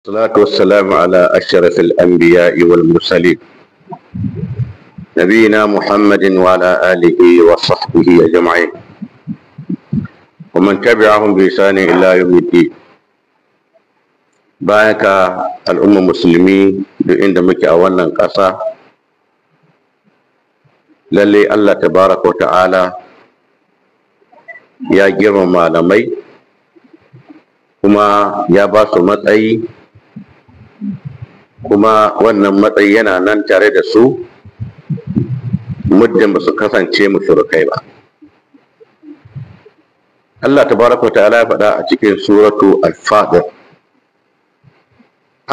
الصلاة والسلام على أشرف الأنبياء والمرسلين نبينا محمد وعلى آله وصحبه أجمعين ومن تبعهم بإحسان إلى يوم الدين بارك الأمة المسلمين بإن دمك أولا قصة للي الله تبارك وتعالى يا جرم malamai وما يا باسو kuma wannan matsayi yana nan tare da su muddin ba su kasance mushrikai ba Allah ta baraka ta ala faɗa a cikin suratu al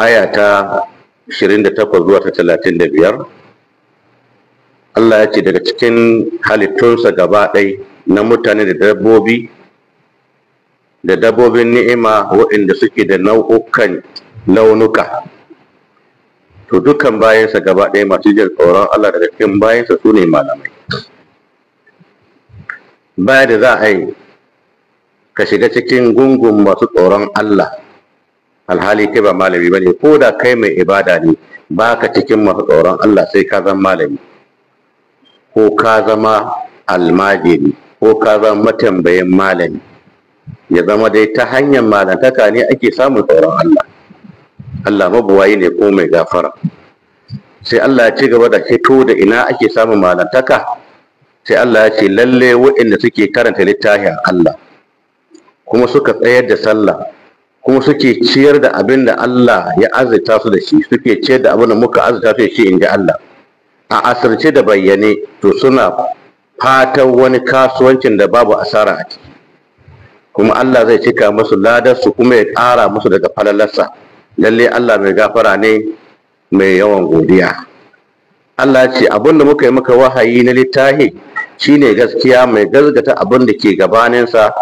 ayata aya ta 28 zuwa ta 35 Allah ya ce daga cikin halittunsa gaba ɗai na mutane da dabbobi da dabbobin ni'ima waɗanda suke da nau'ukan launuka to dukkan bayansa gaba ɗaya masu jin tsoron Allah daga cikin bayansa su ne malamai baya da za a yi ka shiga cikin gungun masu tsoron Allah alhali kai ba malami ba ne, ko da kai mai ibada ne ba ka cikin masu tsoron Allah sai ka zama malami ko ka zama almajiri ko ka zama matambayin malami ya zama dai ta hanyar malantaka ne ake samun tsoron Allah Allah mabuwayi ne ko mai gafara sai Allah ya ci gaba da fito da ina ake samun malantaka sai Allah ya ce lalle waɗanda suke karanta littafi a Allah kuma suka tsayar da sallah kuma suke ciyar da abin da Allah ya azurta su da shi suke ciyar da abin da muka azurta su da shi inda Allah a asirce da bayyane to suna fatan wani kasuwancin da babu asara a ciki kuma Allah zai cika musu ladarsu kuma ya ƙara musu daga falalarsa lalle Allah mai gafara ne mai yawan godiya Allah ce abin da muka yi maka wahayi na littahi shine gaskiya mai gazgata abin da ke gabaninsa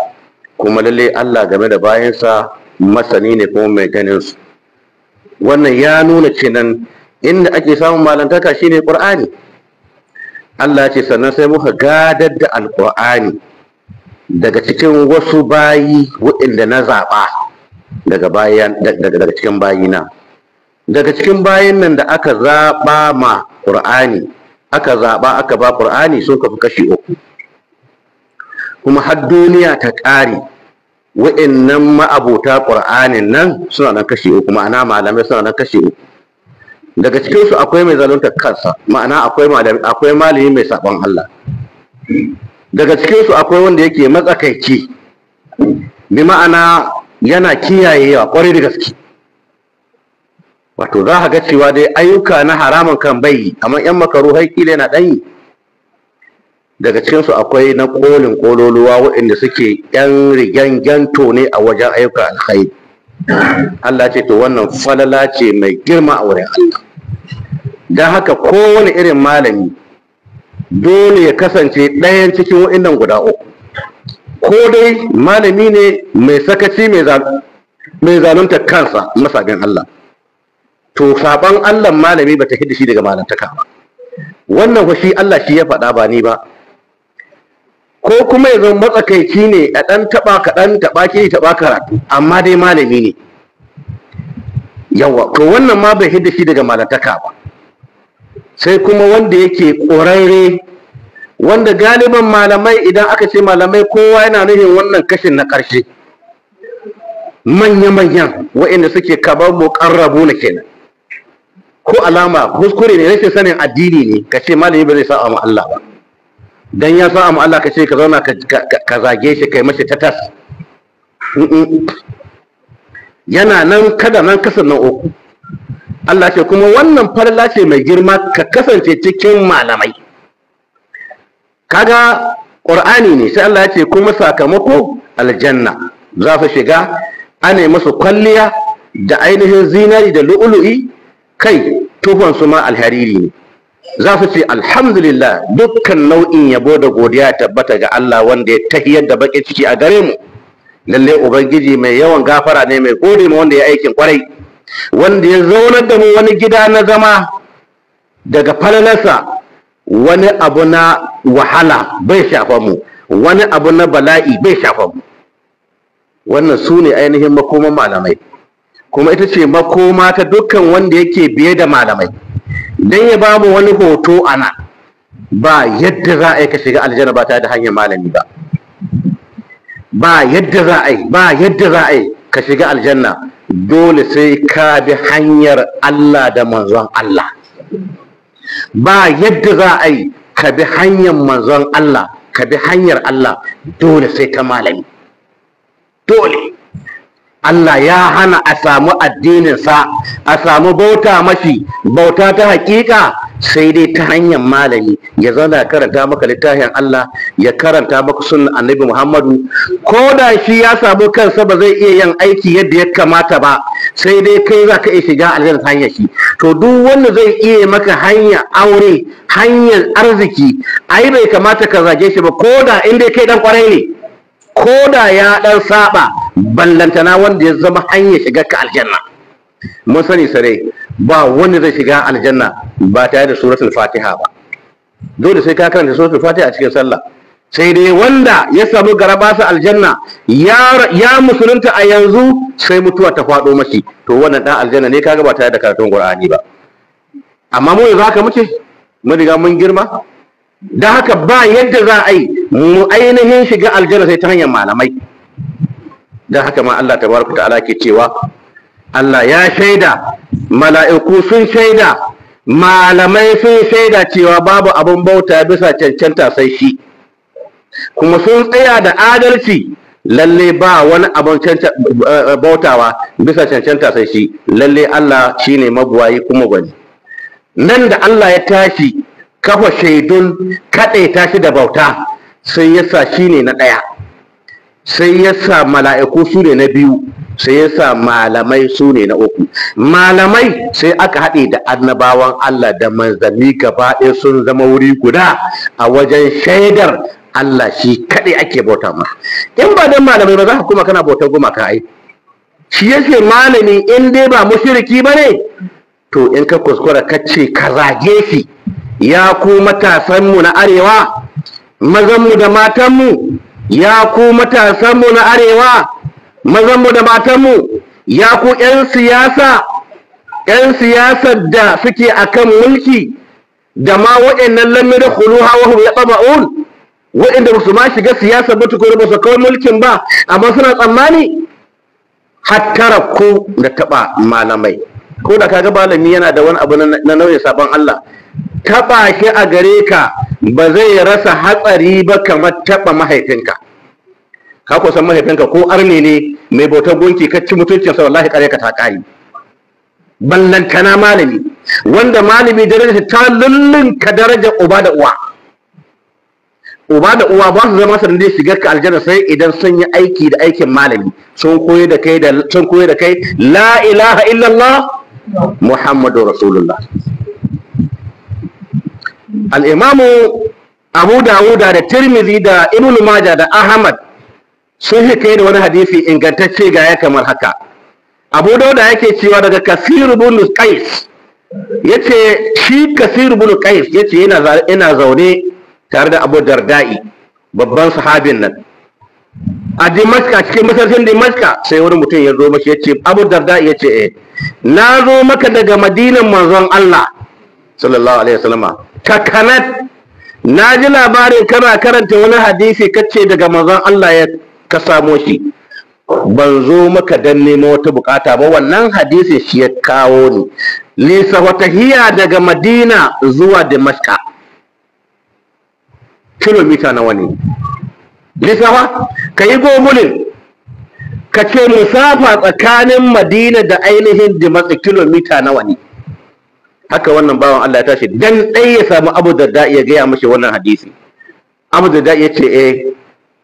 kuma lalle Allah game da bayansa masani ne kuma mai ganin su wannan ya nuna cinan inda ake samun malantaka ne ƙur'ani? Allah ce sannan sai muka gadar da Alƙur'ani daga cikin wasu bayi waɗanda na zaɓa daga bayan daga cikin bayina daga cikin bayin nan da aka zaɓa ma ƙur'ani aka zaba aka ba ƙur'ani sun kafi kashi uku kuma har duniya ta kare wa'annan ma'abota qur'anin nan suna nan kashi uku ma'ana malamai suna nan kashi uku daga cikinsu akwai mai zalunta kansa ma'ana akwai akwai malami mai sabon Allah daga cikinsu akwai wanda yake matsakaici bi ma'ana yana kiyayewa kwarai da gaske wato za ka ga cewa dai ayyuka na haramun kan bai amma yan makaruhai kila yana ɗanyi daga cikinsu akwai na kolin kololuwa waɗanda suke yan rigen gento ne a wajen ayyuka alkhairi Allah ce to wannan falala ce mai girma a wurin Allah don haka kowane irin malami dole ya kasance ɗayan cikin waɗannan guda uku ko dai malami ne mai sakaci mai zanunta kansa masabin Allah to saban Allah malami ba ta shi daga malantaka ba wannan shi Allah shi ya faɗa ba ni ba ko kuma yanzu matsakaici ne a ɗan taɓa kaɗan taɓa ke taɓa karatu amma dai malami ne yawa to wannan ma bai hidda shi daga malantaka ba sai kuma wanda yake ƙorarre wanda galiban malamai idan aka ce malamai kowa yana nufin wannan kashin na ƙarshe manya-manyan waɗanda suke kaban muƙarrabu na kenan ko alama kuskure ne rashin sanin addini ne ka ce malami ba zai sa mu Allah ba dan ya sa'a mu Allah ka ce ka zauna ka zage shi kai mashi tatas yana nan kada nan kasan nan uku Allah ce kuma wannan farla ce mai girma ka kasance cikin malamai kaga qur'ani ne sai Allah ya ce kuma sakamako aljanna za su shiga ana masu kwalliya da ainihin zinari da lu'ulu'i kai tufan su ma alhariri ne za su ce alhamdulillah dukkan nau'in yabo da godiya tabbata ga Allah wanda ya tahiyar da baƙi ciki a gare mu lalle ubangiji mai yawan gafara ne mai gode ma wanda ya aikin kwarai wanda ya zaunar da mu wani gida na zama daga falalarsa wani abu na wahala bai shafa mu wani abu na bala'i bai shafa mu wannan su ne ainihin makoman malamai kuma ita ce makoma ta dukkan wanda yake biye da malamai don ya ba mu wani hoto ana ba yadda za a yi ka shiga aljanna ba tare da hanyar malami ba ba yadda za a yi ba yadda za a yi ka shiga aljanna dole sai ka bi hanyar Allah da manzon Allah ba yadda za a yi ka bi hanyar manzon Allah ka bi hanyar Allah dole sai ta malami dole Allah ya hana a samu addininsa a samu bauta mafi bauta ta hakika sai dai ta hanyar malami ya zauna karanta maka littafin Allah ya karanta maka sunan annabi Muhammadu ko da shi ya samu kansa ba zai iya yin aiki yadda ya kamata ba sai dai kai za ka iya shiga aljanna ta hanyar shi to duk wanda zai iya maka hanya aure hanyar arziki ai bai kamata ka zage shi ba ko da in dai kai dan kwarai ne ko da ya dan saba ballantana wanda ya zama hanyar shiga ka aljanna mun sani sare ba wanda zai shiga aljanna ba tare da suratul fatiha ba dole sai ka karanta suratul fatiha a cikin sallah sai dai wanda ya samu garabasa aljanna ya musulunta a yanzu sai mutuwa ta faɗo mashi to wannan ɗan aljanna ne kaga ba tare da karatun qur'ani ba amma mu yanzu haka muke mun riga mun girma da haka ba yadda za a yi mu ainihin shiga aljanna sai ta hanyar malamai da haka ma Allah tabaraka ta'ala ke cewa Allah ya shaida mala'iku sun shaida malamai sun shaida cewa babu abin bauta bisa cancanta sai shi kuma sun tsaya da adalci lalle ba wani abin eh, eh, bautawa bisa cancanta sai shi lalle Allah shi ne magwayi kuma gwani nan da Allah ya tashi kafa shaidun kaɗe tashi da bauta sai ya sa shi ne na ɗaya sai ya sa mala'iku su ne na biyu sai ya sa malamai su ne na uku malamai sai aka haɗe da annabawan Allah da manzanni gaba ɗaya sun zama wuri guda a wajen shaidar Allah shi kaɗai ake bauta ma in ba dan malamai ba za ka kuma kana bautar gumaka ai shi yace malami in dai ba mushriki ne? to in ka kuskura ka ce ka zage shi ya ku matasanmu na arewa mazanmu da matanmu ya ku matasanmu na arewa mazanmu da matanmu ya ku 'yan siyasa 'yan siyasar da suke akan mulki da ma waɗannan lamirin hulu ya ɓaba'un waɗanda ba su ma shiga siyasa ba kore ba su kawai mulkin ba amma suna tsammani hattara ko da taɓa malamai ko da kaga malami yana da wani abu na nauyin sabon Allah taɓa shi a gare ka ba zai rasa hatsari ba kamar taɓa mahaifinka ka ko san mahaifinka ko arne ne mai bautar gunki ka ci mutuncin sa wallahi kare ka ta kai ballantana malami wanda malami daraja ta lullun ka daraja uba da uwa uba da uwa ba su zama sanin zai shigar ka aljanna sai idan sun yi aiki da aikin malami sun koyi da kai da sun koyi da kai la ilaha illallah muhammadu rasulullah al-imamu abu dawuda da tirmidhi da ibnu majah da ahmad sun kai da wani hadisi ingantacce ga ya kamar haka abu dawuda yake cewa daga kasir ibn qais yace shi kasir ibn qais yace yana yana zaune tare da abu dardai babban sahabin nan a dimaska cikin masarcin dimaska sai wani mutum ya zo mashi ya ce abu dardai ya ce eh, na zo maka daga madinan manzon Allah sallallahu alaihi wasallam ka kanat na ji labarin kana karanta wani hadisi kace daga manzon Allah ya ka samo shi ban zo maka dan neman wata bukata ba wannan hadisin shi ya kawo ni lisa wata hiya daga madina zuwa dimaska kilomita nawa ne lisafa ka yi gomulin ka ce lissafa tsakanin madina da ainihin dimatsi kilomita nawa ne haka wannan bawan Allah ya tashi dan dai ya samu Abu Darda ya gaya mashi wannan hadisi Abu Darda ya ce eh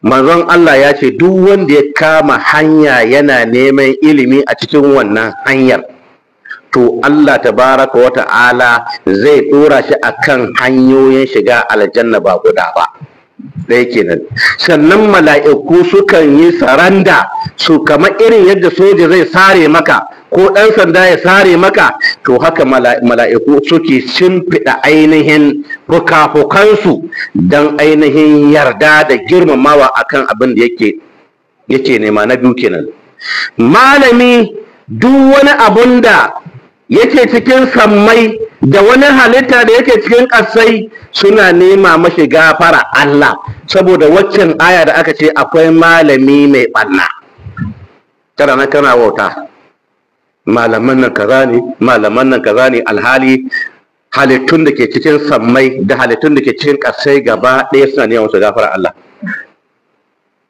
manzon Allah ya ce duk wanda ya kama hanya yana neman ilimi a cikin wannan hanyar to Allah tabaraka wa ta'ala zai dora shi akan hanyoyin shiga aljanna ba guda ba ɗaya kenan sannan mala'iku sukan yi saranda su kama irin yadda soja zai sare maka ko ɗan sanda ya sare maka to haka mala'iku suke shimfiɗa ainihin fukafukansu fukansu don ainihin yarda da girmamawa akan abin da yake nema na biyu kenan malami duk wani abun da yake cikin sammai da wani halitta da yake cikin ƙasai suna nema mashi gafara Allah saboda waccan aya da aka ce akwai malami mai ɓanna tara na kana wauta malaman nan kaza ne malaman nan kaza ne alhali halittun da ke cikin sammai da halittun da ke cikin ƙasai gaba ɗaya suna neman su gafara Allah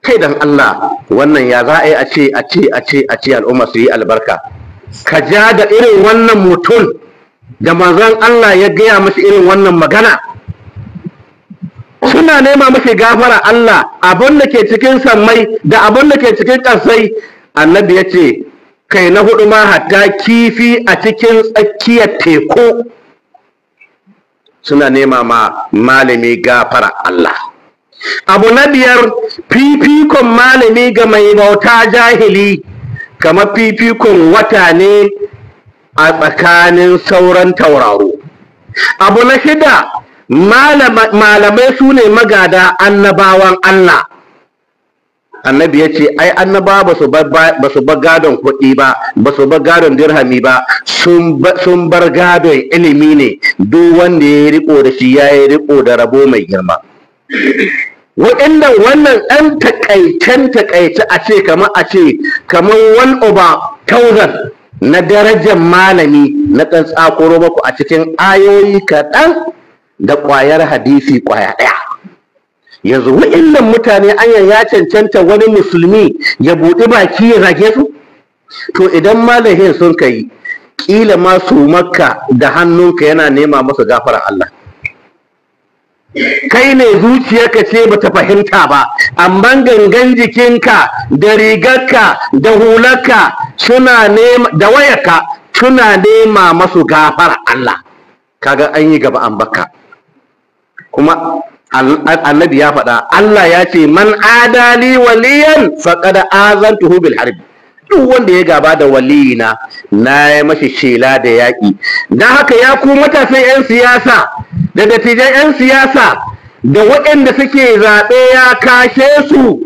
kai dan Allah wannan ya za a yi a ce a ce a ce a ce al'umma su yi albarka ka ja da irin wannan mutum da manzon Allah ya gaya masa irin wannan magana suna nema masa gafara Allah abin da ke cikin sammai da abin da ke cikin ƙasai annabi ya ce kai na hudu ma hatta kifi a cikin tsakiyar teku suna nema ma malami gafara Allah abu na biyar fifikon malami ga mai bauta jahili kamar fifikon wata ne a tsakanin sauran tauraro abu na shida malamai su ne magada annabawan Allah annabi ya ce ai annaba ba su bar gadon kuɗi ba ba su bar gadon dirhami ba sun bar gadon ilimi ne duk wanda ya yi riko da shi ya yi riko da rabo mai girma waɗanda wannan ɗan takaicen takaice a ce kamar a ce kamar one over thousand na darajar malami na ɗan tsakoro maku a cikin ayoyi kaɗan da ƙwayar hadisi ƙwaya ɗaya yanzu waɗannan mutane an ya cancanta wani musulmi ya buɗi baki ya rage su to idan malamin sun kai kila ma su makka da hannunka yana nema masa gafara Allah kai ne zuciyarka ce bata fahimta ba amma gangan jikinka da rigarka da hularka suna nema da wayarka suna nema masu gafara Allah kaga an yi gaba an baka kuma annabi ya faɗa Allah ya ce man adali waliyan faqad azantuhu bil harbi duk wanda ya gaba da waliyina na ya mashi shela da yaƙi don haka ya ku matasan 'yan siyasa da dattijan 'yan siyasa da waɗanda suke zaɓe ya kashe su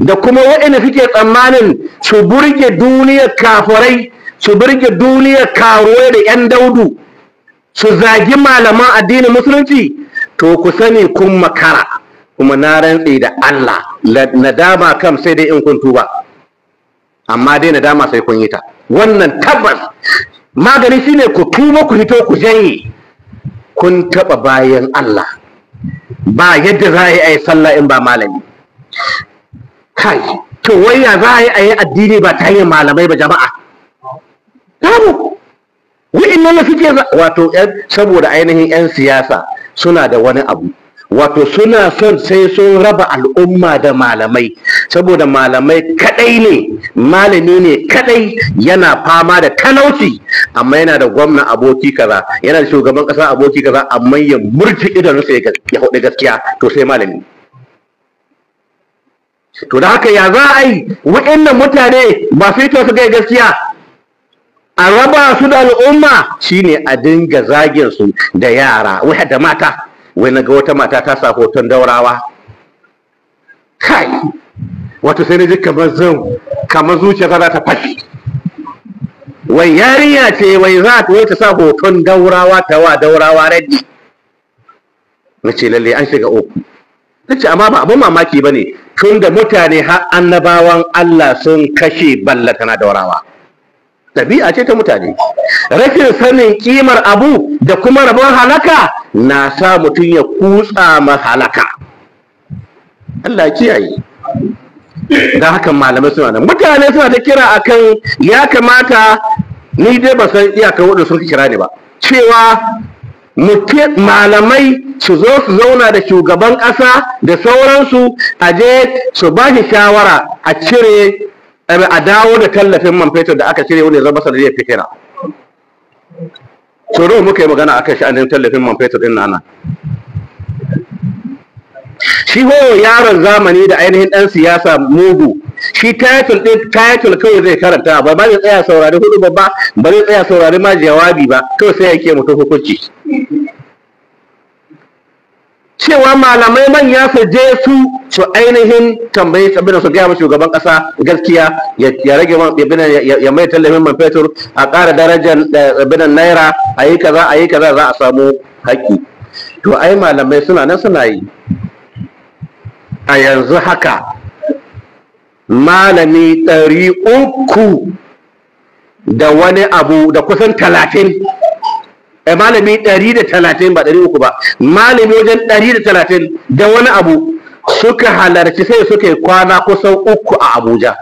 da kuma waɗanda suke tsammanin su burge duniyar kafurai su burge duniyar karuwa da 'yan daudu su zagi malaman addinin musulunci to ku sani kun makara kuma na rantse da Allah nadama kam sai dai in kun tuba amma dai nadama sai kun yi ta wannan tabbas magani shine ku tuba ku hito ku janye kun taɓa bayan Allah ba yadda za a yi a sallah in ba malami kai to waya za a yi a addini ba ta hanyar malamai ba jama'a babu wa'in nan suke wato saboda ainihin 'yan siyasa suna da wani abu wato suna son sai sun raba al'umma da malamai saboda malamai kadai ne malami ne kadai yana fama da talauci amma yana da gwamna aboki kaza yana da shugaban kasa aboki kaza amma ya murci idanunsa ya hudu gaskiya to sai malami to da haka ya za a yi waɗannan mutane masu su su gai gaskiya a raba su da al'umma shine a dinga zagin su da yara wai da mata wai na ga wata mata ta sa hoton daurawa kai wato sai na ji kamar zan kamar zuciya za ta fashi wai yarinya ce wai za ta wai ta sa hoton daurawa ta wa daurawa raddi na ce lalle an shiga uku na ce amma ba abin mamaki ba ne tun da mutane har annabawan Allah sun kashe na daurawa ɗabi'a ce ta mutane rashin sanin kimar abu da kuma rabon halaka na sa mutum ya kutsa ma halaka Allah kiyaye da hakan malamai suna nan mutane suna ta kira akan ya kamata ni dai ba san iyakar wadda sun kira ni ba cewa malamai su zo su zauna da shugaban ƙasa da sauransu a je su ba shi shawara a cire a dawo da tallafin man fetur da aka cire wanda ya zama sanadiyar fitina tsoro muka yi magana a shi sha'anin tallafin man fetur ɗin nana shi ho yaron zamani da ainihin ɗan siyasa mugu shi title ɗin title kawai zai karanta ba ba zai tsaya saurari hudu ba ba ba zai tsaya saurari ma jawabi ba kawai sai yake mutum hukunci cewa malamai manya su je su so ainihin tambayi da su gaya wa shugaban kasa gaskiya ya rage ya mai tallafin man fetur a ƙara darajar eh, abin naira a yi kaza a yi kaza za a samu haƙƙi to ai malamai suna nan suna yi a yanzu haka malami ɗari uku da wani abu da kusan talatin eh, malami ɗari da talatin ba ɗari uku ba malami wajen ɗari da talatin da wani abu suka halarci sai suka yi kwana kusan uku a abuja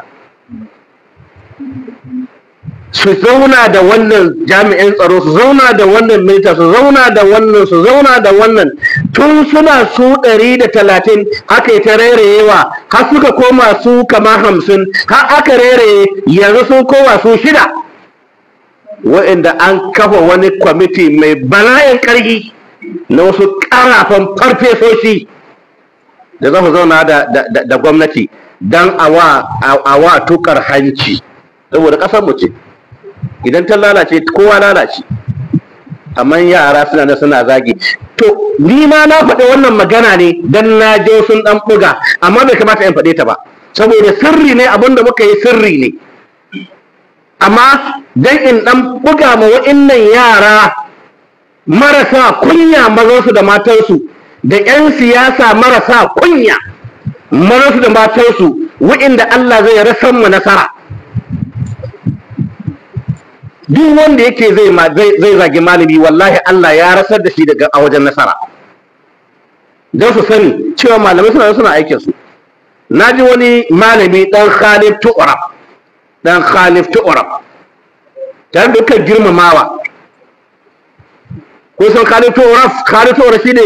su zauna da wannan jami'in tsaro su zauna da wannan milita su zauna da wannan su zauna da wannan tun suna su ɗari da talatin haka ta rairayewa har suka koma su kama hamsin har aka rairaye yanzu sun kowa su shida wa'inda an kafa wani kwamiti mai bala'in ƙarfi na wasu ƙarafan farfesoshi da za mu zauna da gwamnati don a wa tukar hanci saboda ƙasar mu ce idan ta lalace kowa lalace amma yara suna da suna zagi to ni ma na faɗi wannan magana ne don na je sun ɗan buga amma bai kamata in faɗe ta ba saboda sirri ne abin da muka yi sirri ne amma dan in ɗan buga ma wa'innan yara marasa kunya mazansu da matansu da 'yan siyasa marasa kunya marasu da matansu wa'inda Allah zai rasan mu nasara duk wanda yake zai zagi malami wallahi Allah ya rasar da shi daga a wajen nasara don su sani cewa malamai suna suna aikin su na ji wani malami dan Khalif tu'ara dan Khalif tu'ara tare da dukkan girmamawa ko san khalitowar shi ne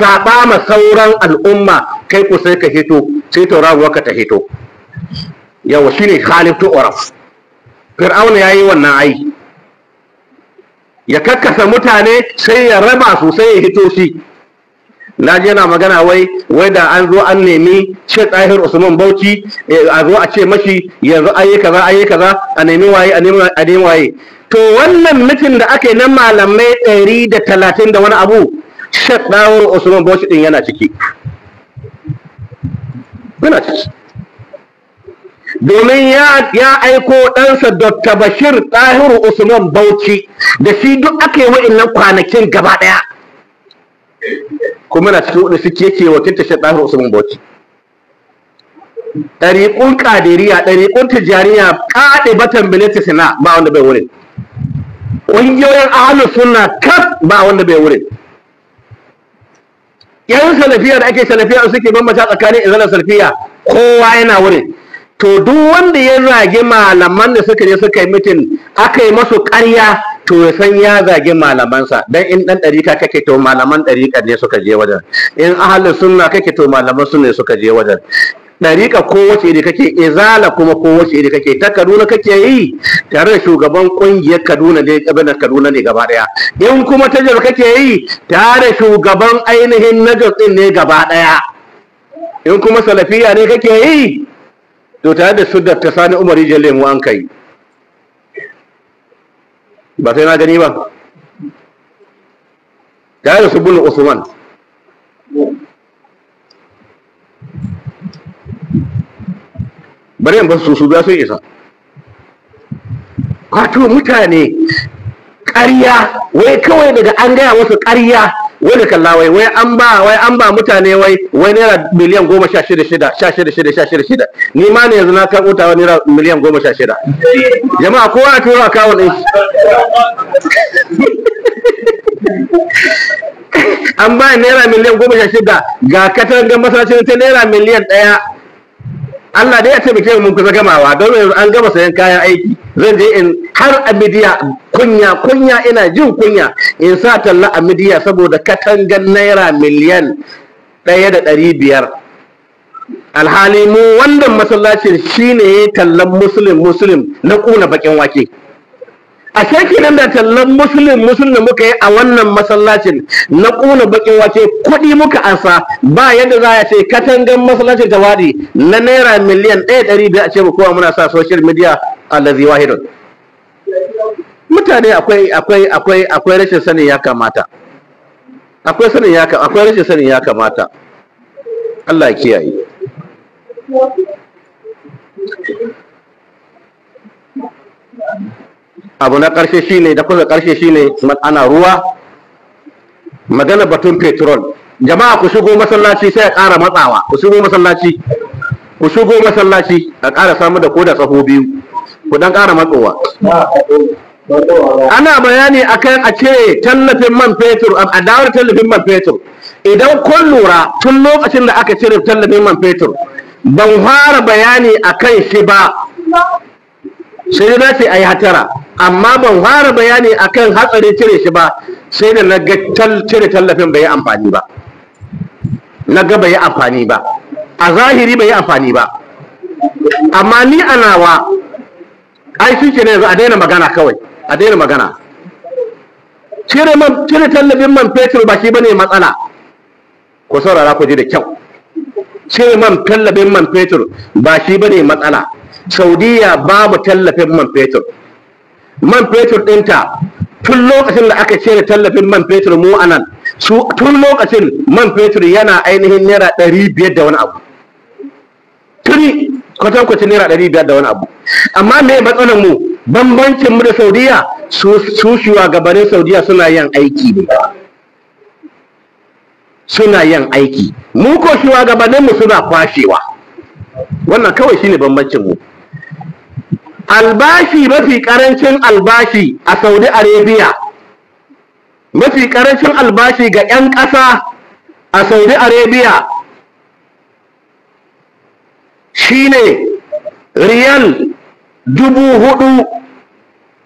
saɓa ma sauran al'umma kai ku sai ka hito sai tauraruwa ka ta hito yawa shi ne khalitowar fir'auna ya yi wannan ai ya kakkasa mutane sai ya raba su sai ya hito shi na je yana magana wai wai da an zo an nemi ce tsahir usman bauchi eh, a zo a ce mashi yanzu ayi kaza ayi kaza a nemi waye a nemi waye to wannan mitin da aka yi na malamai ɗari da talatin da wani abu ce ɗawar usman bauchi ɗin yana ciki yana ciki domin ya aiko ɗansa dr bashir tsahir usman bauchi da shi duk aka yi nan kwanakin gaba ɗaya kuma na cikin wadda suke yake wakilta shi ɗahir usman bauchi ɗariƙun ƙadiriya ɗariƙun tijjaniya ƙaɗe batan ta sina ba wanda bai wurin ƙungiyoyin ahalus suna kaf ba wanda bai wurin yan salafiya da ake salafiya suke bambanta tsakanin izalar salafiya kowa yana wurin to duk wanda ya rage malaman da suka je suka yi mitin aka yi masu ƙarya to ya san ya zagi malamansa dan in dan ɗarika kake to malaman ɗarika ne suka je wajen in ahalin sunna kake to malaman sunna suka je wajen ko wace iri kake izala kuma ko wace iri kake ta kaduna kake yi tare da shugaban ƙungiyar kaduna ne ƙabilar kaduna ne gaba ɗaya in kuma ta jihar kake yi tare da shugaban ainihin na ɗin ne gaba ɗaya in kuma salafiya ne kake yi to tare da suddar ta sani umar jalle mu an kai ba sai na gani ba ya da bin usman bari 'yan basu su sun isa wato mutane ƙarya wai kawai daga an gaya wasu ƙarya wani kalla wai wai an ba wai an ba mutane wai wai naira miliyan goma sha shida shida sha shida shida sha shida shida ni ma ne yanzu na kan utawa naira miliyan goma sha shida jama'a kowa a turo akawun ɗin an ba naira miliyan goma sha shida ga katangar masarautar ta naira miliyan ɗaya Allah dai ya ce taimake mun kusa gamawa don yanzu an gama sayan kayan aiki zan je in har a kunya kunya ina jin kunya in sa talla a midiya saboda katangan naira miliyan ɗaya da ɗari biyar alhali mu wannan masallacin shine tallan muslim muslim na ƙuna bakin wake a kenan da tallan musulun musulun muka yi a wannan masallacin na ƙuna bakin wace kuɗi muka ansa ba yadda za a ce katangan masallacin ta wadi na naira miliyan ɗaya ɗari biyar a ce kowa muna sa social media lazi wahidun mutane akwai akwai akwai akwai rashin sanin ya kamata akwai sanin ya akwai rashin sanin ya kamata Allah ya kiyaye Thank you. abu na ƙarshe shine da kusa ƙarshe shine ana ruwa magana batun petrol jama'a ku shigo masallaci sai a ƙara matsawa ku shigo masallaci ku shigo masallaci a ƙara samu da koda tsaho biyu ku dan ƙara matsowa ana bayani akan a ce tallafin man fetur a dawar tallafin man fetur idan kun lura tun lokacin da aka cire tallafin man fetur ban fara bayani akan shi ba sai na ce a yi hatara amma ban fara bayani a kan hatsari cire shi ba sai da na ga cire tallafin bai yi amfani ba na ga bai yi amfani ba a zahiri bai yi amfani ba amma ni a nawa ai shi ce ne yanzu a daina magana kawai a daina magana cire man cire tallafin man fetur ba shi bane matsala ku saurara ku ji da kyau cire man tallafin man fetur ba shi bane matsala saudiya babu tallafin man fetur man fetur ɗinta tun lokacin da aka cire tallafin man fetur mu a nan tun lokacin man fetur yana ainihin naira ɗari biyar da wani abu tuni kwatankwacin naira ɗari biyar da wani abu amma me matsalar mu bambancin mu da saudiya su gabanin saudiya suna yin aiki ne suna yin aiki mu ko mu suna kwashewa wannan kawai shine bambancin mu albashi mafi karancin albashi a saudi arabia mafi karancin albashi ga 'yan ƙasa a saudi arabia shine riyal dubu hudu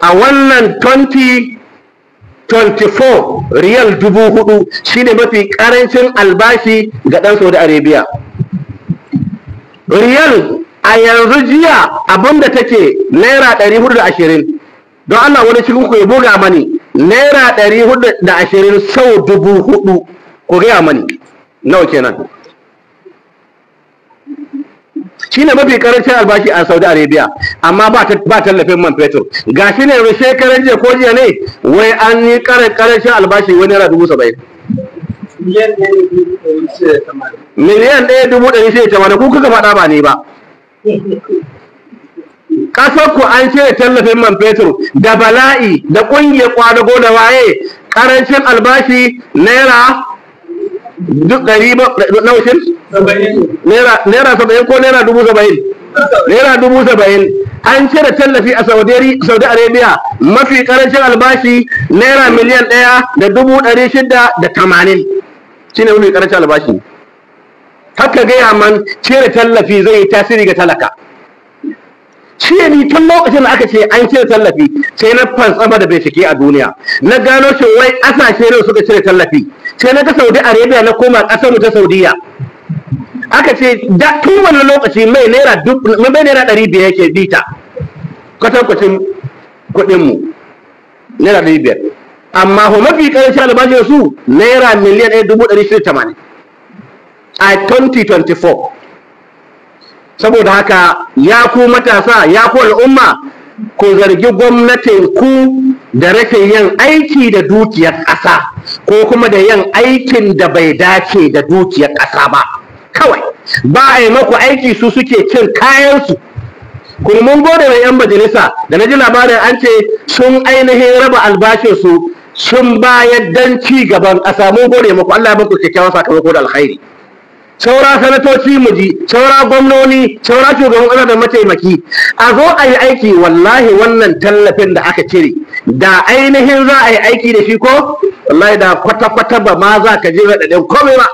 a wannan 2024 riyal dubu hudu shine mafi karancin albashi ga ɗan saudi arabia riyal a yanzu jiya abinda take naira ɗari hudu da ashirin don Allah wani cikin ku ya buga mani naira ɗari hudu da ashirin sau dubu hudu ku gaya mani nawa kenan shi ne mafi karancin albashi a saudi arabia amma ba tallafin man fetur ga shi ne shekarar jiya ko jiya ne wai an yi karancin albashi wani naira dubu saba'in miliyan ɗaya dubu ɗari shida tamanin kuka faɗa ba ne ba Ƙasarku ku an ce tallafin man fetur da bala'i da ƙungiyar kwadago da waye ƙarancin albashi naira duk ɗari naushin naira saba'in ko naira dubu saba'in naira dubu saba'in an ce da tallafi a saudi arabia mafi ƙarancin albashi naira miliyan ɗaya da dubu ɗari shida da tamanin shine mafi ƙarancin albashi haka gaya man cire tallafi zai yi tasiri ga talaka ce ni tun lokacin da aka ce an cire tallafi sai na fantsama da bincike a duniya na gano shi wai asashe ne suka cire tallafi sai na ga saudi arabia na koma ƙasar mu ta saudiya aka ce da tun wani lokaci mai naira mai naira ɗari biyar yake bita kwatankwacin kuɗin mu naira ɗari biyar amma ho mafi ƙarancin albashin su naira miliyan ɗaya dubu ɗari shida tamanin a 2024 saboda haka ya ku matasa ya ku al'umma ku zargi gwamnatin ku da rashin yin aiki da dukiyar ƙasa ko kuma da yin aikin da bai dace da dukiyar ƙasa ba kawai ba a yi maku aiki su suke cin kayansu kuma mun gode mai 'yan majalisa da na ji labarin an ce sun ainihin raba albashinsu sun bayar don ci gaban ƙasa mun gode maku. Allah ya muku kyakkyawan sakamako da alkhairi saura sanatoci muji, ji gwamnoni saura shugaban ƙasa da mataimaki a zo a yi aiki wallahi wannan tallafin da aka cire da ainihin za a yi aiki da shi ko wallahi da kwata-kwata ba ma za ka ji raɗaɗin komai ba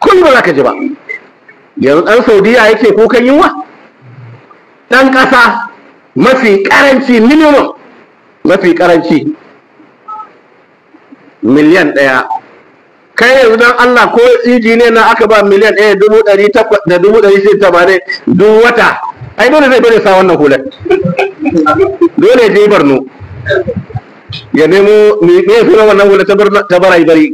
kullum za ka ji ba yanzu ɗan saudiya yake kukan yunwa ɗan ƙasa mafi ƙaranci minimum mafi ƙaranci miliyan ɗaya kai yanzu dan Allah ko iji ne na aka ba miliyan ɗaya dubu ɗari da dubu ɗari sai tamanin duk wata ai dole zai bari sa wannan hular dole je barno ya nemo me ya suna wannan hular ta bara barai bari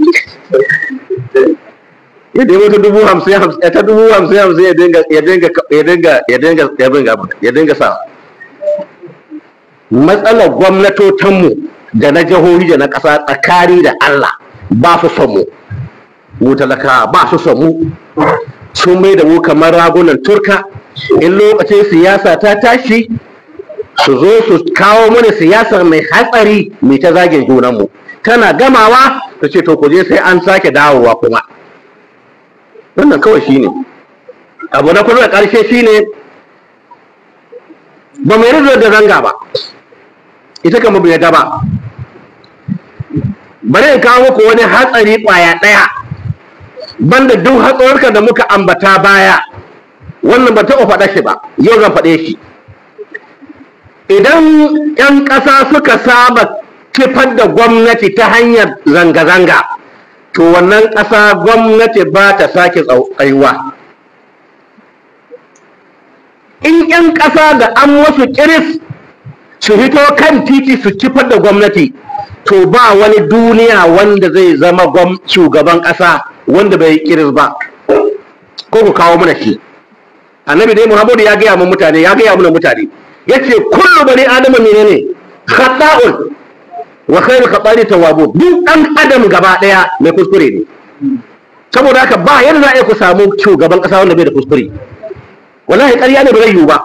ya nemo ta dubu hamsin hamsin ya ta dubu hamsin hamsin ya dinga ya dinga ya dinga ya dinga ya dinga ya dinga sa matsalar gwamnatotanmu da na jihohi da na ƙasa tsakari da Allah ba su samu. mu mu talaka ba su samu. mu sun mai da mu kamar ragunan turka in lokacin siyasa ta tashi su zo su kawo mana siyasar mai hatsari mai ta zagin junanmu tana gamawa ta ce to je sai an sake dawowa kuma wannan kawai shi ne. abu na kuma da ƙarshe ne. ba mai rizo da zanga ba ita kama bai ba bari in kawo muku wani hatsari ƙwaya ɗaya banda duk hatsuwarka da muka ambata baya wannan ba taɓa faɗa shi ba yau zan faɗe shi idan 'yan ƙasa suka saba kifar da gwamnati ta hanyar zanga-zanga to wannan ƙasa gwamnati ba ta sake tsayuwa in 'yan ƙasa da an wasu ƙiris su hito kan titi su kifar da gwamnati to ba wani duniya wanda zai zama shugaban ƙasa wanda bai kirir ba ko ku kawo mana shi annabi dai muhammadu ya gaya mun mutane ya gaya mana mutane yace kullu bani adama menene khata'un wa khairu khata'i tawwabu duk dan adam gaba daya mai kuskure ne saboda haka ba yadda za a ku samu gaban kasa wanda bai da kuskure wallahi ƙarya ne bai ba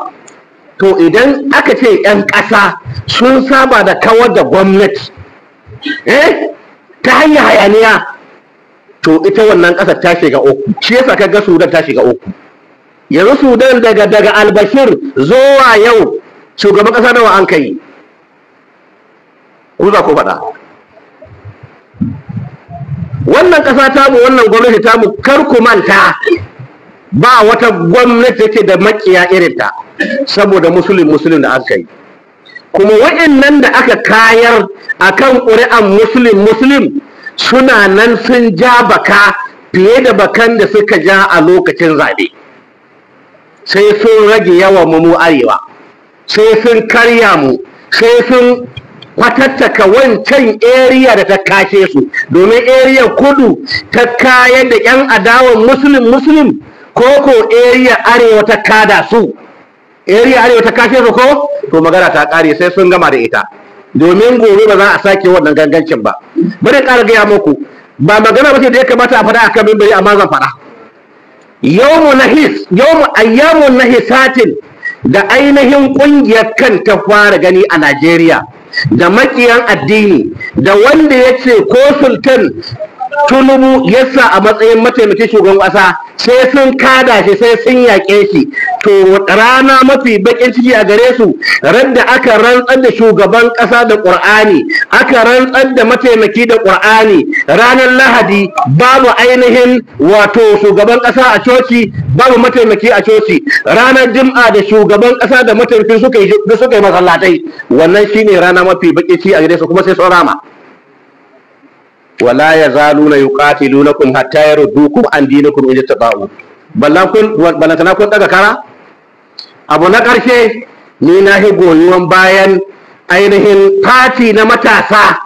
to idan aka ce yan ƙasa sun saba da kawar da gwamnati eh ta hanyar hayaniya to ita wannan ƙasar ta shiga uku shi yasa kaga Sudan ta shiga uku yanzu Sudan daga daga Albashir zuwa yau shugaban ƙasa nawa an kai ku za ku faɗa wannan ƙasa ta mu wannan gwamnati mu kar ku manta ba wata gwamnati take da makiya ta, saboda musulun musulun da an kai. kuma nan da aka kayar akan ƙuri'an musulun musulun suna nan sun ja baka fiye da bakan da suka ja a lokacin zaɓe sai sun rage yawan mu arewa sai sun karya mu sai sun kwatattaka wancan area da ta kashe su domin area kudu ta kayan da 'yan adawan musulun musulun koko area arewa ta kada su area arewa ta kashe su ko to magana ta kare sai sun gama da ita domin gobe ba za a sake wannan gangancin ba bari ƙara gaya muku ba magana ba ce da ya kamata a faɗa a kan mimbari amma zan faɗa yawmu nahis yawmu ayyamu nahisatin da ainihin ƙungiyar kan ta fara gani a Najeriya da makiyan addini da wanda ya ce ko sultan tulubu yasa a matsayin mataimakin shugaban ƙasa sai sun kada shi sai sun yaƙe shi to rana mafi bakin ciki a gare su radda aka rantsar da shugaban ƙasa da ƙur'ani aka rantsar da mataimaki da ƙur'ani ranar lahadi babu ainihin wato shugaban ƙasa a coci babu mataimaki a coci ranar jim'a da shugaban ƙasa da mataimakin, suka yi masallatai wannan shine rana mafi bakin ciki a gare su kuma sai sun rama wala ya luna kun hatta yaruddukum an dina in ba'u? ballan kun ballantana kun daga kara abu na ƙarshe ni na hi goyuwan bayan ainihin fati na matasa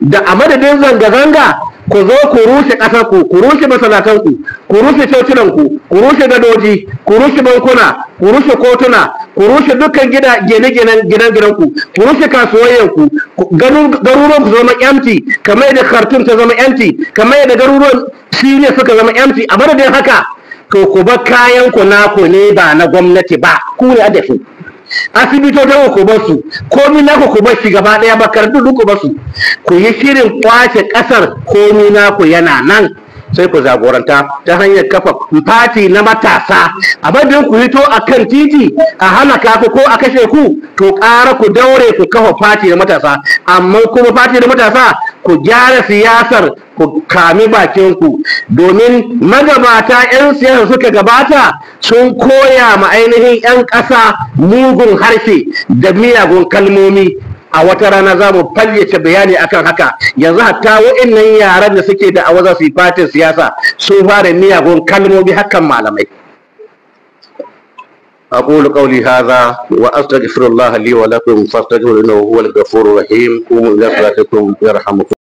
da a madadin zanga-zanga ku zo ku rushe ƙasarku ku rushe masalatanku ku rushe cocinan ku ku rushe gadoji ku rushe bankuna ku rushe kotuna ku rushe dukkan gida gine-ginen gidan gidan ku rushe ku garuruwan ku zama empty kamar yadda khartoum ta zama empty kamar yadda garuruwan syria suka zama empty a madadin haka to ku bar kayan ku naku ne ba na gwamnati ba ku ne adafi da ku ba su komi na ku ba shi gaba ɗaya makarantu duk ku ba su ku yi shirin kwace ƙasar komi na ku yana nan sai ku jagoranta ta hanyar kafa fati na matasa a madadin ku hito a kan titi a halaka ku ko a kashe ku to ƙara ku daure ku kafa fati na matasa amma kuma fati na matasa ku gyara siyasar ku kami bakinku domin magabata 'yan siyasa suka gabata sun koya ma ainihin 'yan ƙasa mugun harshe da miyagun kalmomi a wata rana za mu fallace bayani akan haka yanzu hatta wa'innan yaran da suke da su sifatin siyasa sun fara miyagun kalmomi hakan malamai أقول قولي هذا وأستغفر الله لي ولكم فاستغفروا إنه هو الغفور الرحيم قوموا إلى صلاتكم يرحمكم